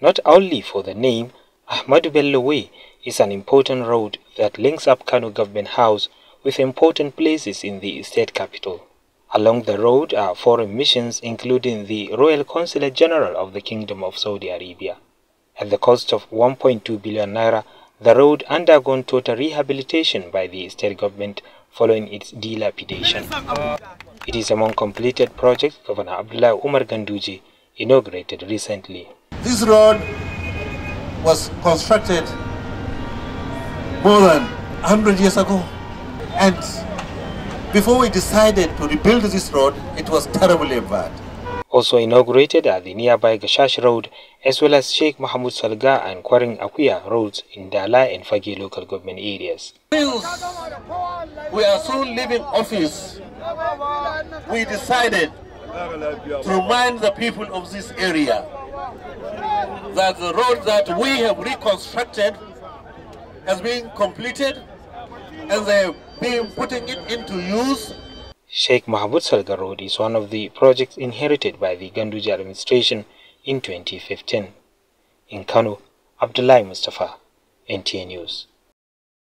not only for the name, Ahmadu Bello Way is an important road that links up Kano Government House with important places in the state capital. Along the road are foreign missions including the Royal Consulate General of the Kingdom of Saudi Arabia. At the cost of 1.2 billion naira, the road undergone total rehabilitation by the state government following its dilapidation. It is among completed projects Governor Abdullah Umar Ganduji inaugurated recently. This road was constructed more than 100 years ago. And before we decided to rebuild this road, it was terribly bad. Also inaugurated at the nearby Gashash Road, as well as Sheikh Mahmoud Salga and Kwaring Akuya roads in Dala and Fagi local government areas. Since we are soon leaving office, we decided to remind the people of this area that the road that we have reconstructed has been completed and they've been putting it into use. Sheikh Mahmoud Salga Road is one of the projects inherited by the Ganduja administration in 2015. In Kano, Abdullahi Mustafa, NTA News.